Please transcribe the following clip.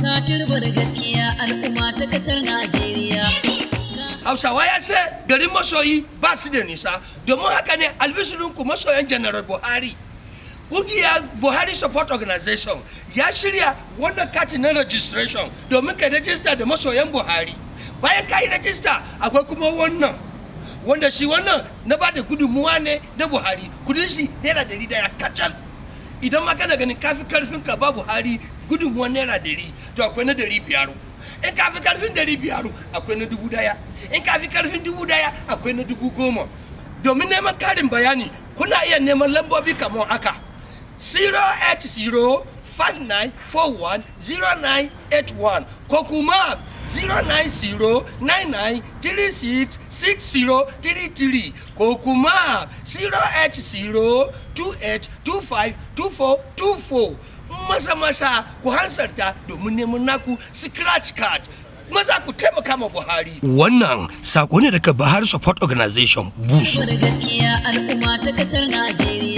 na gaskiya al'umma ta kasar najeriya hausawa ya ce garin masoyi ba su da nisa domin haka ne ku masoyan general buhari kungiyar buhari support organization ya shirya wannan katin na registration domin ka rajista da masoyan buhari bayan ka yi rajista akwai kuma wannan wanda shi wannan na ba da gudunmuwa ne na buhari kudin shi naira dari daya kacal idan ma ganin kafi karfin ka ba buhari gudunmuwan naira dari to akwai na dari biyar in ka fi karfin dari biyar akwai na dubu daya in ka fi karfin dubu daya akwai na dubu goma domin neman karin bayani kuna iya neman lambobi kamar haka 080 5941 ko kuma 09099366033 ko kuma 08028252424 Masa-masa ku hansarta domin neman naku scratch card maza ku taimaka ma Buhari. Wannan sako ne daga Buhari Support Organization busu Gaskiya al'umma ta kasar Najeriya.